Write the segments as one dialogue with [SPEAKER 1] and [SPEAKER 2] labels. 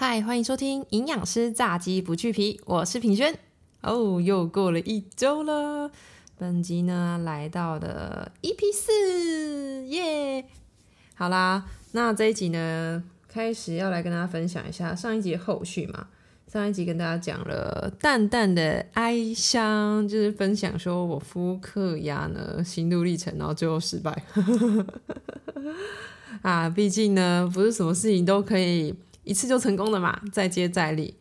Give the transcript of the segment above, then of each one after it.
[SPEAKER 1] 嗨，Hi, 歡迎收聽營養師炸雞不去皮，我是品軒。哦、oh，又過了一週了，本集呢來到了 EP 四，耶、yeah！好啦，那這一集呢，開始要來跟大家分享一下上一集後續嘛。上一集跟大家講了淡淡的哀傷，就是分享說我複刻鴨呢心路歷程，然後最後失敗。 啊，畢竟呢，不是什麼事情都可以。一次就成功的嘛，再接再厲。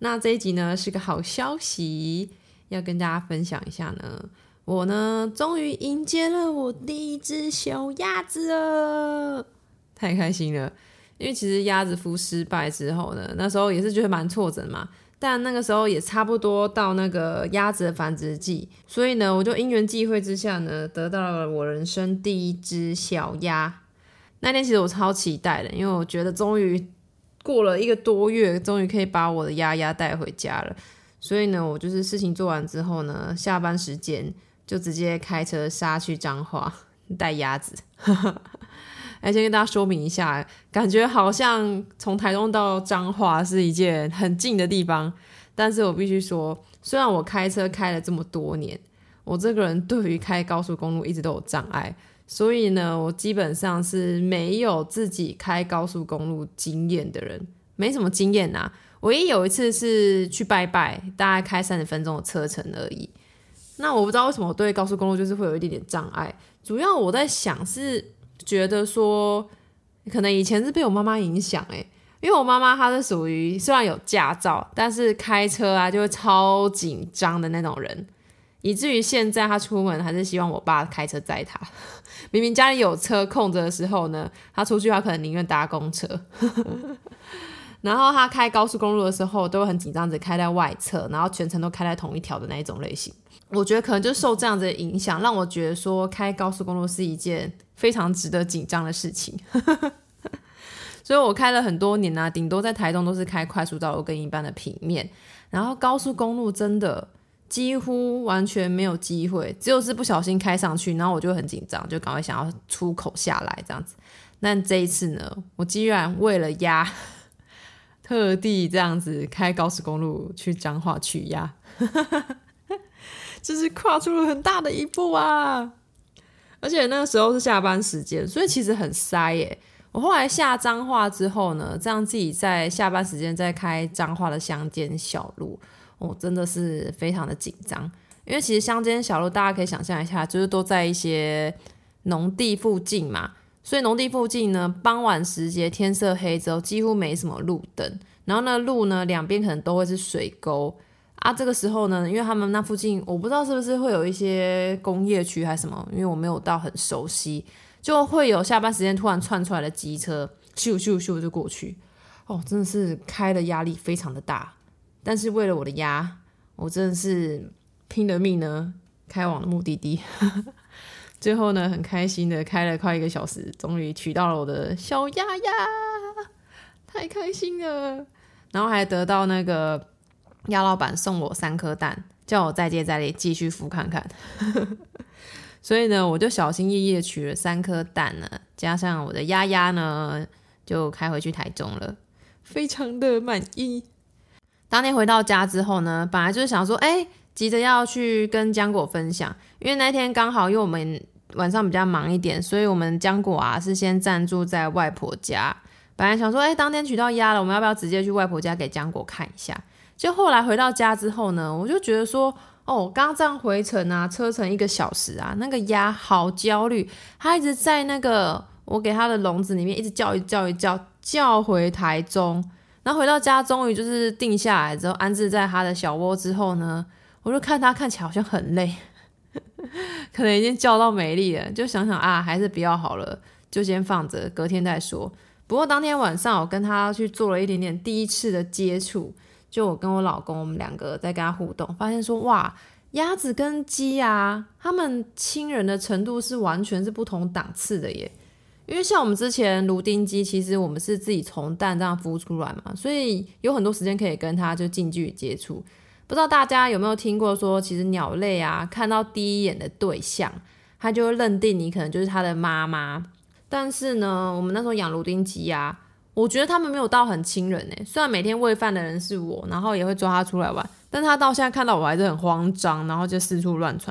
[SPEAKER 1] 那這一集呢是個好消息，要跟大家分享一下呢。我呢終於迎接了我第一隻小鴨子了，太開心了！因為其實鴨子孵失敗之後呢，那時候也是覺得蠻挫折的嘛。但那個時候也差不多到那個鴨子的繁殖季，所以呢我就因緣際會之下呢，得到了我人生第一隻小鴨。那天其實我超期待的，因為我覺得終於。過了一個多月，終於可以把我的鴨鴨帶回家了。所以呢，我就是事情做完之後呢，下班時間就直接開車殺去彰化帶鴨子。哎， 先跟大家說明一下，感覺好像從台中到彰化是一件很近的地方，但是我必須說，雖然我開車開了這麼多年，我這個人對於開高速公路一直都有障礙。所以呢，我基本上是沒有自己開高速公路經驗的人，沒什麼經驗啊。唯一有一次是去拜拜，大概開三十分鐘的車程而已。那我不知道為什麼我對高速公路就是會有一點點障礙。主要我在想是覺得說，可能以前是被我媽媽影響誒、欸，因為我媽媽她是屬於雖然有駕照，但是開車啊就會超緊張的那種人，以至於現在她出門還是希望我爸開車載她。明明家裡有車空着的時候呢，他出去，他可能寧願搭公車， 然後他開高速公路的時候都很緊張，只開在外側，然後全程都開在同一條的那一種類型。我覺得可能就受這樣子的影響，讓我覺得說開高速公路是一件非常值得緊張的事情。 所以我開了很多年啊，頂多在台東都是開快速道路跟一般的平面，然後高速公路真的。幾乎完全沒有機會，只有是不小心開上去，然後我就很緊張，就趕快想要出口下來這樣子。但這一次呢，我居然為了鴨，特地這樣子開高速公路去彰化取鴨，就 是跨出了很大的一步啊！而且那個時候是下班時間，所以其實很塞耶。我後來下彰化之後呢，這樣自己在下班時間再開彰化的鄉間小路。我、oh，真的是非常的緊張，因為其實鄉間小路，大家可以想象一下，就是都在一些農地附近嘛，所以農地附近呢，傍晚時節天色黑之後，幾乎沒什麼路燈，然後那呢，路呢兩邊可能都會是水溝啊，這個時候呢，因為他們那附近我不知道是不是會有一些工業區還是什麼，因為我沒有到很熟悉，就會有下班時間突然竄出來的機車，咻咻咻就過去，哦、oh，真的是開的壓力非常的大。但是為了我的鴨，我真的是拼了命呢，開往的目的地。 最後呢，很開心的開了快一個小時，終於取到了我的小鴨鴨，太開心了！然後還得到那個鴨老板送我三顆蛋，叫我再接再厲，繼續孵看看。 所以呢，我就小心翼翼的取了三顆蛋呢，加上我的鴨鴨呢，就開回去台中了，非常的滿意。當天回到家之後呢，本來就是想說，哎、欸，急着要去跟姜果分享，因為那天剛好因為我們晚上比較忙一點，所以我們姜果啊是先暫住在外婆家。本來想說，哎、欸，當天取到鴨了，我們要不要直接去外婆家給姜果看一下？就後來回到家之後呢，我就覺得說，哦，剛這樣回程啊，車程一個小時啊，那個鴨好焦慮，它一直在那個我給它的籠子裡面一直叫一叫一叫，叫回台中。然後回到家，終於就是定下來之後，安置在他的小窩之後呢，我就看他看起來好像很累，可能已經叫到沒力了，就想想啊，還是不要好了，就先放着，隔天再說。不過當天晚上，我跟他去做了一點點第一次的接觸，就我跟我老公，我們兩個在跟他互動，發現說哇，鴨子跟雞啊，他們親人的程度是完全是不同檔次的耶。因為像我們之前蘆丁雞，其實我們是自己從蛋這樣孵出來嘛，所以有很多時間可以跟它就近距離接觸。不知道大家有沒有聽過說，其實鳥類啊，看到第一眼的對象，它就會認定你可能就是它的媽媽。但是呢，我們那時候養蘆丁雞啊，我覺得它們沒有到很親人誒、欸。雖然每天餵飯的人是我，然後也會抓它出來玩，但它到現在看到我還是很慌張，然後就四處亂竄。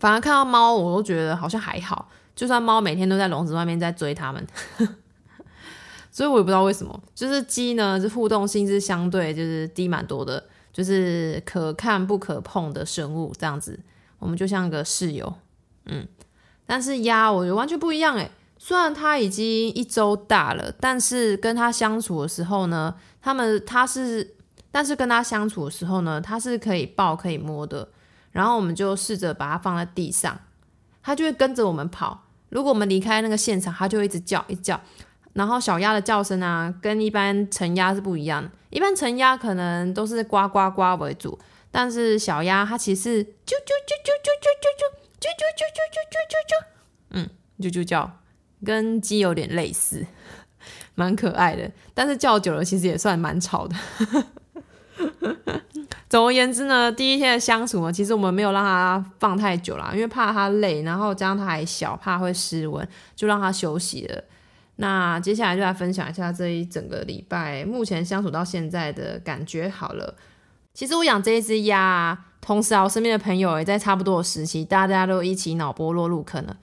[SPEAKER 1] 反而看到貓，我都覺得好像還好。就算貓每天都在籠子外面在追它們， 所以我也不知道為什麼，就是雞呢，是互動性是相對就是低蠻多的，就是可看不可碰的生物這樣子。我們就像個室友，嗯，但是鴨我覺得完全不一樣誒，雖然它已經一周大了，但是跟它相處的時候呢，它們它是，但是跟它相處的時候呢，它是可以抱可以摸的。然後我們就試着把它放在地上。它就會跟着我們跑，如果我們離開那個現場，它就會一直叫一直叫。然後小鴨的叫聲啊，跟一般成鴨是不一樣的。一般成鴨可能都是呱呱呱為主，但是小鴨它其實啾啾啾啾啾啾啾啾啾啾啾啾啾啾，嗯，啾啾叫，跟雞有點類似，蠻可愛的。但是叫久了，其實也算蠻吵的。 總而言之呢，第一天的相處呢，其實我們沒有讓他放太久啦，因為怕他累，然後加上他還小，怕會失溫，就讓他休息了。那接下來就來分享一下這一整個禮拜目前相處到現在的感覺好了。其實我養這一隻鴨，同時啊，我身邊的朋友也在差不多的時期，大家都一起腦波落入坑了。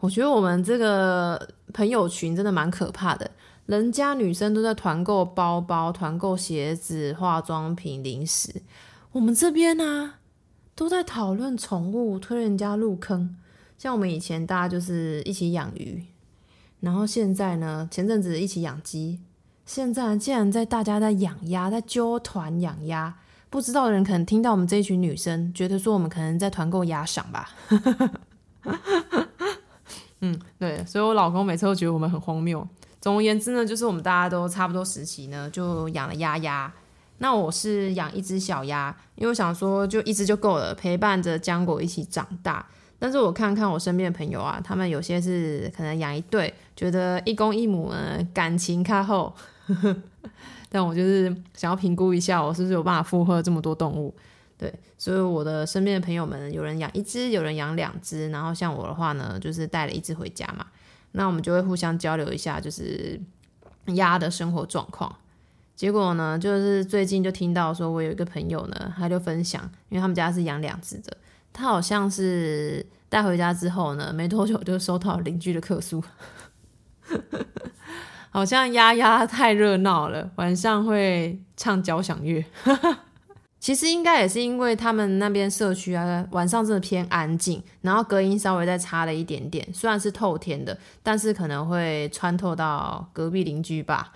[SPEAKER 1] 我覺得我們這個朋友群真的蠻可怕的。人家女生都在團購包包、團購鞋子、化妝品、零食，我們這邊呢、啊、都在討論寵物，推人家入坑。像我們以前大家就是一起養魚，然後現在呢，前陣子一起養雞，現在竟然在大家在養鴨，在揪團養鴨。不知道的人可能聽到我們這一群女生，覺得說我們可能在團購鴨賞吧。 嗯，對，所以我老公每次都覺得我們很荒謬。總而言之呢，就是我們大家都差不多時期呢，就養了鴨鴨。那我是養一隻小鴨，因為我想說就一隻就夠了，陪伴着漿果一起長大。但是我看看我身邊的朋友啊，他們有些是可能養一對，覺得一公一母呢，感情靠後。 但我就是想要評估一下，我是不是有辦法負荷這麼多動物？對，所以我的身邊的朋友們，有人養一隻，有人養兩隻，然後像我的話呢，就是帶了一隻回家嘛。那我們就會互相交流一下，就是鴨的生活狀況。結果呢，就是最近就聽到說，我有一個朋友呢，他就分享，因為他們家是養兩隻的，他好像是帶回家之後呢，沒多久就收到鄰居的客訴， 好像鴨鴨太熱鬧了，晚上會唱交響樂。 其實應該也是因為他們那邊社區啊，晚上真的偏安靜，然後隔音稍微再差了一點點。雖然是透天的，但是可能會穿透到隔壁鄰居吧。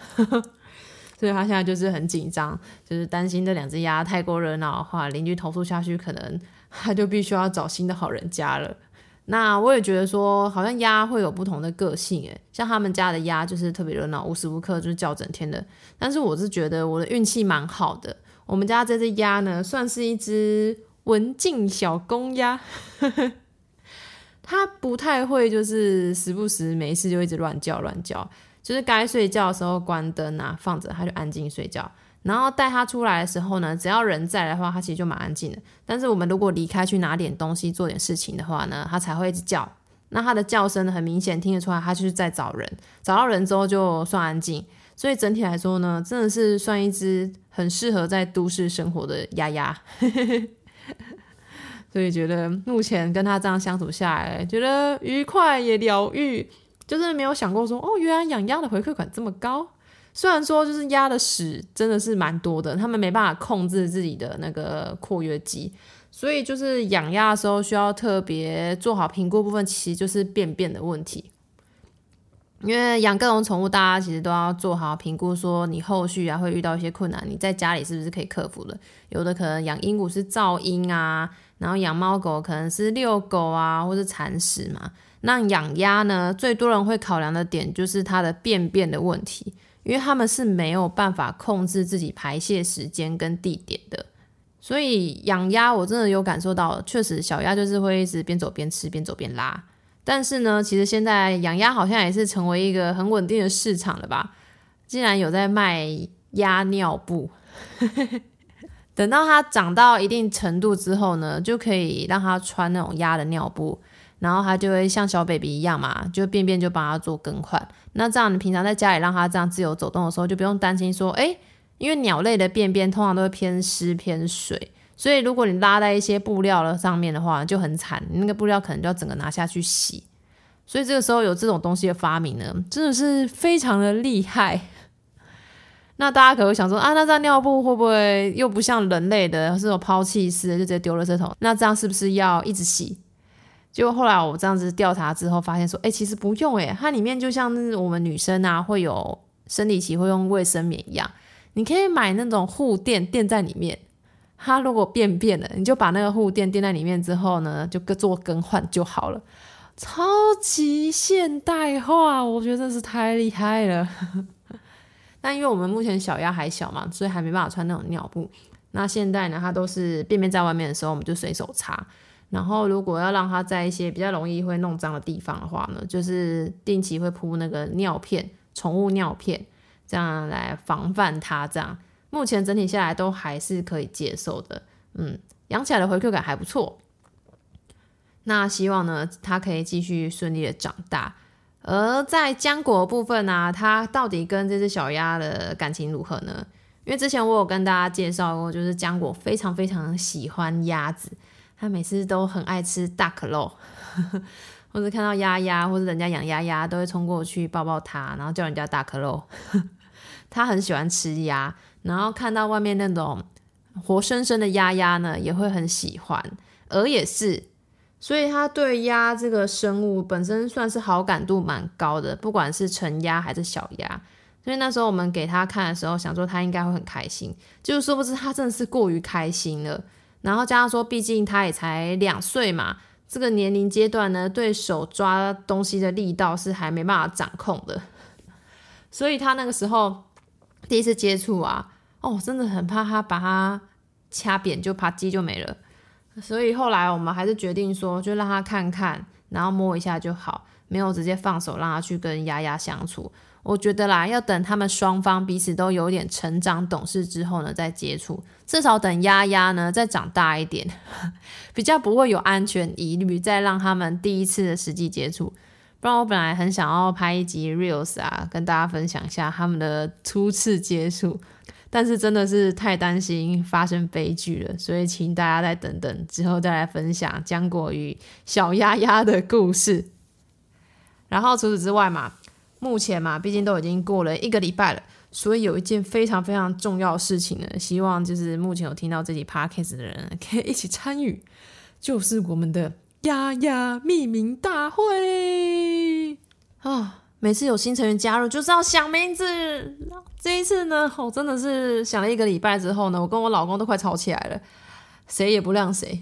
[SPEAKER 1] 所以他現在就是很緊張，就是擔心這兩隻鴨太過熱鬧的話，鄰居投訴下去，可能他就必須要找新的好人家了。那我也覺得說，好像鴨會有不同的個性，誒，像他們家的鴨就是特別熱鬧，無時無刻就是叫整天的。但是我是覺得我的運氣蠻好的。我們家這隻鴨呢，算是一只文靜小公鴨， 它不太會，就是時不時沒事就一直亂叫亂叫。就是該睡覺的時候關燈啊，放着它就安靜睡覺。然後帶它出來的時候呢，只要人在的話，它其實就蠻安靜的。但是我們如果離開去拿點東西、做點事情的話呢，它才會一直叫。那它的叫聲很明顯，聽得出來它就是在找人。找到人之後就算安靜。所以整體來說呢，真的是算一只很適合在都市生活的鴨鴨。 所以覺得目前跟它這樣相處下來，覺得愉快也療癒。就是沒有想過說，哦，原來養鴨的回饋款這麼高。雖然說就是鴨的屎真的是蠻多的，他們沒辦法控制自己的那個括約肌，所以就是養鴨的時候需要特別做好評估部分，其實就是便便的問題。因為養各種寵物，大家其實都要做好評估，說你後續啊會遇到一些困難，你在家裡是不是可以克服的？有的可能養鸚鵡是噪音啊，然後養貓狗可能是遛狗啊，或是鏟屎嘛。那養鴨呢，最多人會考量的點就是它的便便的問題，因為它們是沒有辦法控制自己排泄時間跟地點的。所以養鴨，我真的有感受到，確實小鴨就是會一直邊走邊吃，邊走邊拉。但是呢，其實現在養鴨好像也是成為一個很穩定的市場了吧？竟然有在賣鴨尿布。 等到它長到一定程度之後呢，就可以讓它穿那種鴨的尿布，然後它就會像小 baby 一樣嘛，就便便就幫它做更換。那這樣你平常在家裡讓它這樣自由走動的時候，就不用擔心說，哎，因為鳥類的便便通常都會偏濕偏水。所以，如果你拉在一些布料的上面的話，就很慘，那個布料可能就要整個拿下去洗。所以，這個時候有這種東西的發明呢，真的是非常的厲害。 那大家可能會想說，啊，那這尿布會不會又不像人類的這種拋棄式，就直接丟了這頭？那這樣是不是要一直洗？結果後來我這樣子調查之後，發現說，哎，其實不用，哎，它裡面就像我們女生啊，會有生理期會用衛生棉一樣，你可以買那種護墊墊在裡面。它如果便便了，你就把那個護墊墊在裡面之後呢，就各做更換就好了。超級現代化，我覺得真是太厲害了。那 因為我們目前小鴨還小嘛，所以還沒辦法穿那種尿布。那現在呢，它都是便便在外面的時候，我們就隨手擦。然後如果要讓它在一些比較容易會弄髒的地方的話呢，就是定期會鋪那個尿片，寵物尿片，這樣來防範它這樣。目前整體下來都還是可以接受的。嗯，養起來的回饋感還不錯。那希望呢，它可以繼續順利的長大。而在漿果的部分呢，啊，它到底跟這隻小鴨的感情如何呢？因為之前我有跟大家介紹過，就是漿果非常非常喜歡鴨子，它每次都很愛吃大可樂，呵呵，或者看到鴨鴨，或者人家養鴨鴨，都會衝過去抱抱它然後叫人家大可樂。呵呵他很喜歡吃鴨，然後看到外面那種活生生的鴨鴨呢，也會很喜歡。鵝也是，所以他對鴨這個生物本身算是好感度蠻高的，不管是成鴨還是小鴨。所以那時候我們給他看的時候，想說他應該會很開心，就是殊不知他真的是過於開心了。然後加上說，畢竟他也才兩歲嘛，這個年齡階段呢，對手抓東西的力道是還沒辦法掌控的，所以他那個時候。第一次接觸啊，哦，真的很怕他把它掐扁，就啪嘰就沒了。所以後來我們還是決定說，就讓他看看，然後摸一下就好，沒有直接放手讓他去跟鴨鴨相處。我覺得啦，要等他們雙方彼此都有點成長、懂事之後呢，再接觸。至少等鴨鴨呢再長大一點， 比較不會有安全疑慮，再讓他們第一次的實際接觸。不然，我本來很想要拍一集 reels 啊，跟大家分享一下他們的初次接觸，但是真的是太擔心發生悲劇了，所以請大家再等等，之後再來分享江果與小鴨鴨的故事。然後除此之外嘛，目前嘛，畢竟都已經過了一個禮拜了，所以有一件非常非常重要的事情呢，希望就是目前有聽到這集 podcast 的人可以一起參與，就是我們的。鴨鴨命名大會啊！每次有新成員加入，就是要想名字。這一次呢，我真的是想了一個禮拜之後呢，我跟我老公都快吵起來了，誰也不讓誰。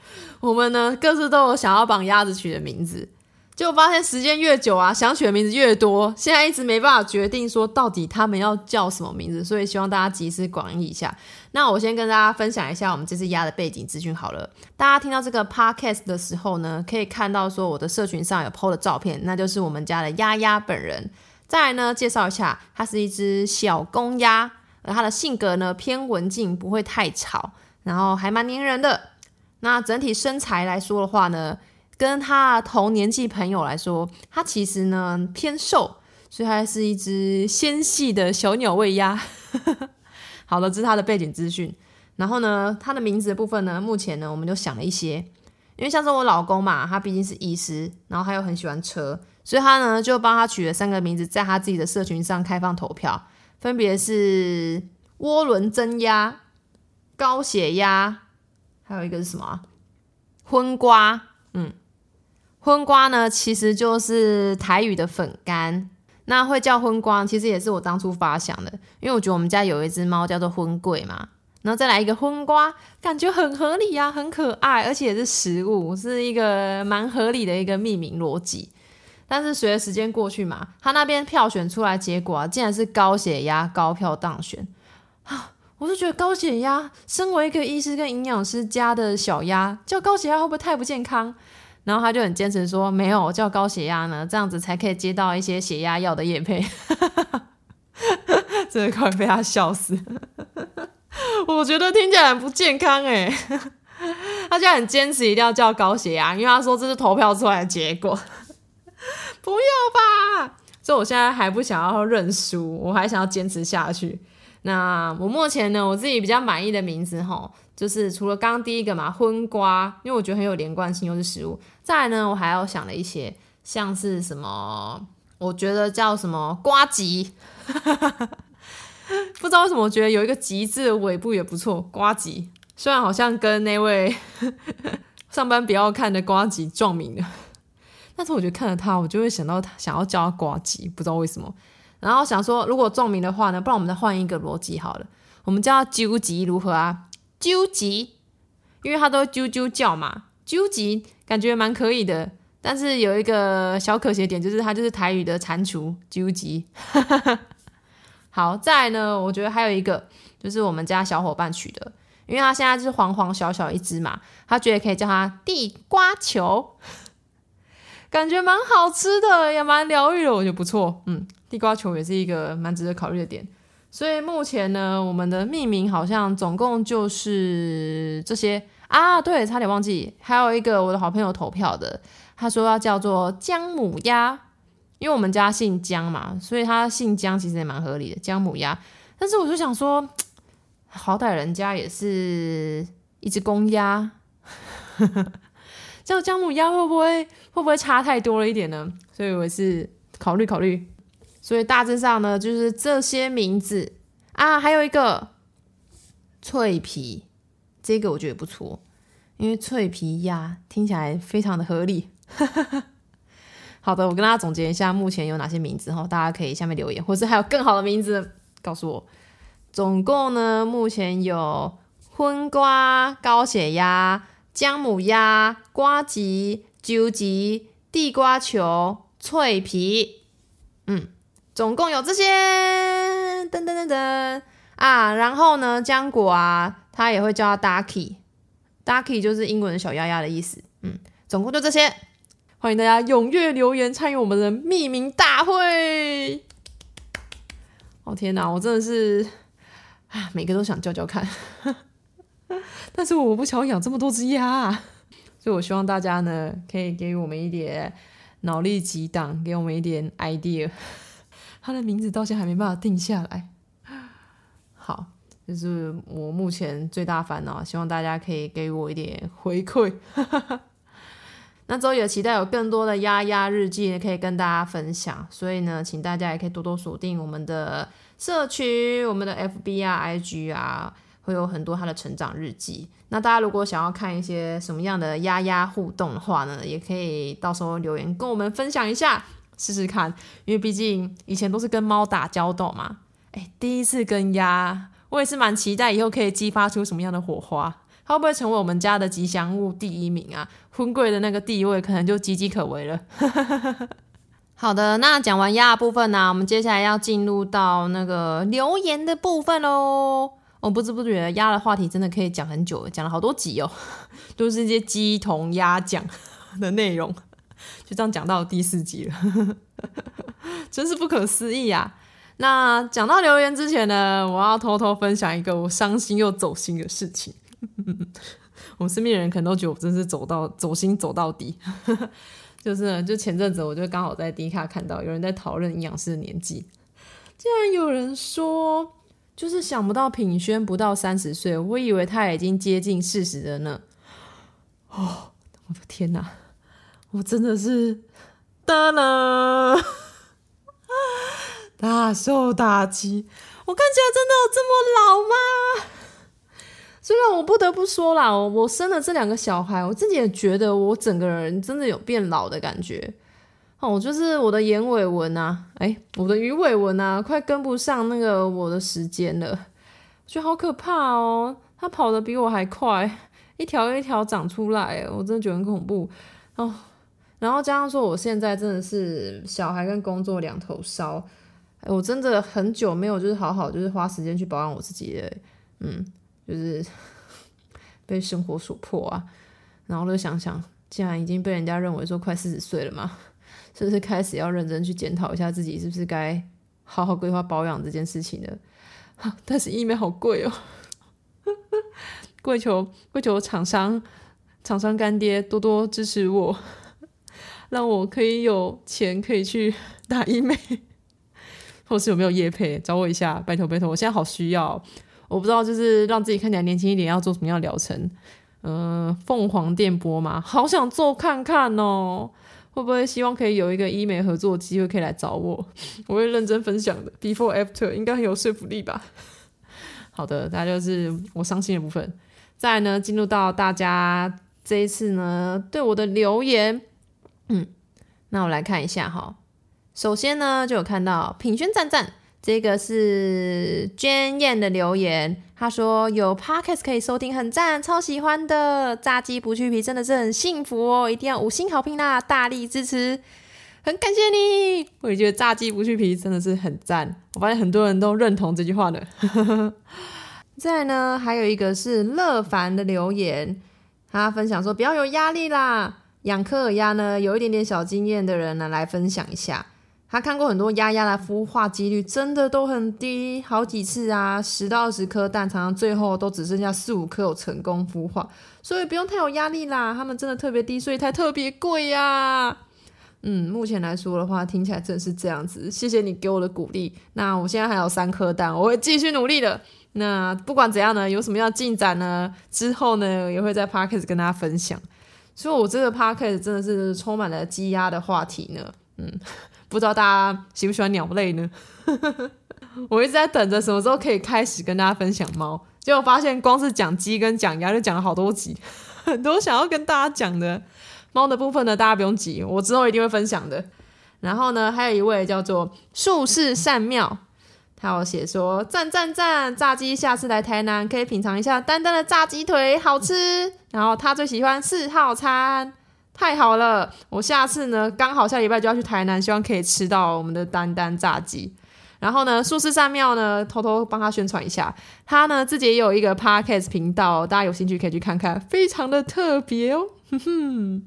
[SPEAKER 1] 我們呢，各自都有想要幫鴨子取的名字，結果發現時間越久啊，想取的名字越多，現在一直沒辦法決定說到底他們要叫什麼名字，所以希望大家集思廣益一下。那，我先跟大家分享一下我們這隻鴨的背景資訊好了，大家聽到這個 podcast 的時候呢，可以看到說我的社群上有 PO 的照片，那就是我們家的鴨鴨本人。再來呢，介紹一下，它是一隻小公鴨，而它的性格呢，偏文靜，不會太吵，然後還蠻黏人的。那整體身材來說的話呢，跟它同年紀朋友來說，它其實呢偏瘦，所以它是一隻纖細的小鳥胃鴨。 好了，這是他的背景資訊。然後呢，他的名字的部分呢，目前呢我們就想了一些，因為像是我老公嘛，他畢竟是醫師，然後他又很喜歡車，所以他呢就幫他取了三個名字，在他自己的社群上開放投票，分別是渦輪增壓、高血壓，還有一個是什麼啊？葷瓜，嗯，葷瓜呢其實就是台語的粉干。那會叫葷瓜，其實也是我當初發想的，因為我覺得我們家有一只貓叫做葷貴嘛，然後再來一個葷瓜，感覺很合理啊，很可愛，而且也是食物，是一個蠻合理的一個命名邏輯。但是隨着時間過去嘛，他那邊票選出來結果，竟然是高血壓高票當選啊！我就覺得高血壓，身為一個醫師跟營養師家的小鴨，叫高血壓會不會太不健康？然後他就很堅持說：“沒有叫高血壓呢，這樣子才可以接到一些血壓藥的業配。”哈哈哈哈哈，真的快被他笑死了！ 我覺得聽起來很不健康耶。 他就很堅持一定要叫高血壓，因為他說這是投票出來的結果。 不要吧！所以我現在還不想要認輸，我還想要堅持下去。那我目前呢，我自己比較滿意的名字齁，就是除了剛剛第一個嘛，昏瓜，因為我覺得很有連貫性，又是食物。再來呢，我還要想了一些，像是什麼，我覺得叫什麼“呱吉”， 不知道為什麼，我覺得有一個“吉”字尾部也不錯，“呱吉”。雖然好像跟那位 上班不要看的“呱吉”撞名了，但是我覺得看了他，我就會想到他，想要叫他“呱吉”，不知道為什麼。然後想說，如果撞名的話呢，不然我們再換一個邏輯好了，我們叫他“啾吉”如何啊？“啾吉”，因為他都啾啾叫嘛。究極感覺蠻可以的，但是有一個小可惜點，就是它就是台語的蟾蜍究極，哈哈。好，再來呢，我覺得還有一個就是我們家小夥伴取的，因為他現在就是黃黃小小一隻嘛，他覺得可以叫它地瓜球，感覺蠻好吃的，也蠻療癒的，我覺得不錯。嗯，地瓜球也是一個蠻值得考慮的點。所以目前呢，我們的命名好像總共就是這些。啊，對，差點忘記，還有一個我的好朋友投票的，他說要叫做薑母鴨，因為我們家姓姜嘛所以他姓姜，其實也蠻合理的，薑母鴨。但是我就想說，好歹人家也是一隻公鴨， 叫薑母鴨會不會、會不會差太多了一點呢？所以我也是考慮考慮。所以大致上呢，就是這些名字啊，還有一個脆皮。這個我覺得不錯，因為脆皮鴨聽起來非常的合理。 好的，我跟大家總結一下目前有哪些名字哈，大家可以下面留言，或者是還有更好的名字告訴我。總共呢，目前有葷瓜、高血鴨、薑母鴨、瓜吉、鳩吉、地瓜球、脆皮，嗯，總共有這些。噔噔噔噔。啊，然後呢，漿果啊，他也會叫他 Ducky，Ducky 就是英文的小鴨鴨的意思。嗯，總共就這些，歡迎大家踊躍留言參與我們的命名大會。哦天哪，我真的是啊，每個都想叫叫看， 但是我不想養這麼多只鴨、啊，所以我希望大家呢，可以給予我們一點腦力激盪，給我們一點 idea。 他的名字到現在還沒辦法定下來。好，這、就是我目前最大煩惱，希望大家可以給我一點回饋。哈哈哈，那之後也期待有更多的鴨鴨日記可以跟大家分享，所以呢，請大家也可以多多鎖定我們的社群，我們的 FB 啊、IG 啊，會有很多他的成長日記。那大家如果想要看一些什麼樣的鴨鴨互動的話呢，也可以到時候留言跟我們分享一下，試試看，因為畢竟以前都是跟貓打交道嘛。哎，第一次跟鴨，我也是蠻期待以後可以激發出什麼樣的火花，它會不會成為我們家的吉祥物第一名啊？婚櫃的那個地位可能就岌岌可危了。 好的，那講完鴨的部分呢，啊，我們接下來要進入到那個留言的部分嘍。我，哦，不知不覺的鴨的話題真的可以講很久了，講了好多集哦，都是一些雞同鴨講的內容，就這樣講到第四集了， 真是不可思議呀，啊！那講到留言之前呢，我要偷偷分享一個我傷心又走心的事情。 我身邊的人可能都覺得我真是走到走心走到底， 就是呢，就前陣子，我就剛好在 D 卡看到有人在討論營養師的年紀，竟然有人說就是想不到品軒不到三十歲，我以為他已經接近四十了呢。哦，我的天哪，我真的是得啦。噠噠 大受打擊，我看起來真的有這麼老嗎？ 雖然我不得不說啦，我生了這兩個小孩，我自己也覺得我整個人真的有變老的感覺。哦，就是我的眼尾紋啊，哎、欸，我的魚尾紋啊，快跟不上那個我的時間了，覺得好可怕哦。它跑得比我還快，一條一條長出來，我真的覺得很恐怖哦。然後加上說，我現在真的是小孩跟工作兩頭燒。我真的很久沒有就是好好就是花時間去保養我自己的，嗯，就是被生活所迫啊，然後就想想，既然，已經被人家認為說快四十歲了嘛，是不是開始要認真去檢討一下自己是不是該好好規劃保養這件事情呢？但是醫美好貴哦，跪 求跪求廠商廠商乾爹多多支持我，讓我可以有錢可以去打醫美。或是有沒有業配？找我一下，拜託拜託！我現在好需要，我不知道就是讓自己看起來年輕一點，要做什麼樣的療程？嗯、呃，鳳凰電波嘛，好想做看看哦，喔。會不會希望可以有一個醫美合作機會，可以來找我？我會認真分享的。Before after 應該很有說服力吧？好的，那就是我傷心的部分。再來呢，進入到大家這一次呢，對我的留言，嗯，那我來看一下哈。首先呢，就有看到品軒讚讚，這個是娟燕的留言，他說有 Podcast 可以收聽，很讚，超喜歡的炸雞不去皮真的是很幸福哦，一定要五星好評啦，大力支持，很感謝你。我也覺得炸雞不去皮真的是很讚，我發現很多人都認同這句話的。 再來呢，還有一個是樂凡的留言，他分享說不要有壓力啦，養科爾鴨呢，有一點點小經驗的人呢，來分享一下。他看過很多鴨鴨的孵化幾率，真的都很低，好幾次啊，十到二十顆蛋，常常最後都只剩下四五顆有成功孵化，所以不用太有壓力啦。它們真的特別低，所以才特別貴呀。嗯，目前來說的話，聽起來真的是這樣子。謝謝你給我的鼓勵。那我現在還有三顆蛋，我會繼續努力的。那不管怎樣呢，有什麼要進展呢？之後呢，我也會在 Podcast 跟大家分享。所以，我這個 Podcast 真的是充滿了積壓的話題呢。嗯。不知道大家喜不喜歡鳥類呢？ 我一直在等着什麼時候可以開始跟大家分享貓，結果我發現光是講雞跟講鴨就講了好多集，很多想要跟大家講的貓的部分呢，大家不用急，我之後一定會分享的。然後呢，還有一位叫做術士善妙，他有寫說贊贊贊炸雞，下次來台南可以品嘗一下丹丹的炸雞腿，好吃。然後他最喜歡四號餐。太好了，我下次呢，剛好下禮拜就要去台南，希望可以吃到我們的丹丹炸雞。然後呢，素食善妙呢，偷偷幫他宣傳一下，他呢自己也有一個 Podcast 頻道，大家有興趣可以去看看，非常的特別哦。哼哼。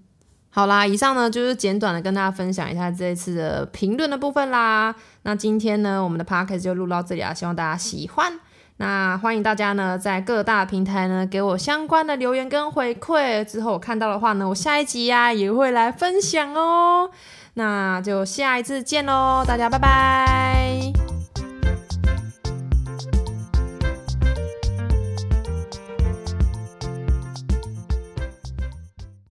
[SPEAKER 1] 好啦，以上呢就是簡短的跟大家分享一下這一次的評論的部分啦。那今天呢，我們的 Podcast 就錄到這裡啊，希望大家喜歡。那歡迎大家呢，在各大平台呢給我相關的留言跟回饋，之後我看到的話呢，我下一集呀也會來分享哦。那就下一次見嘍，大家拜拜。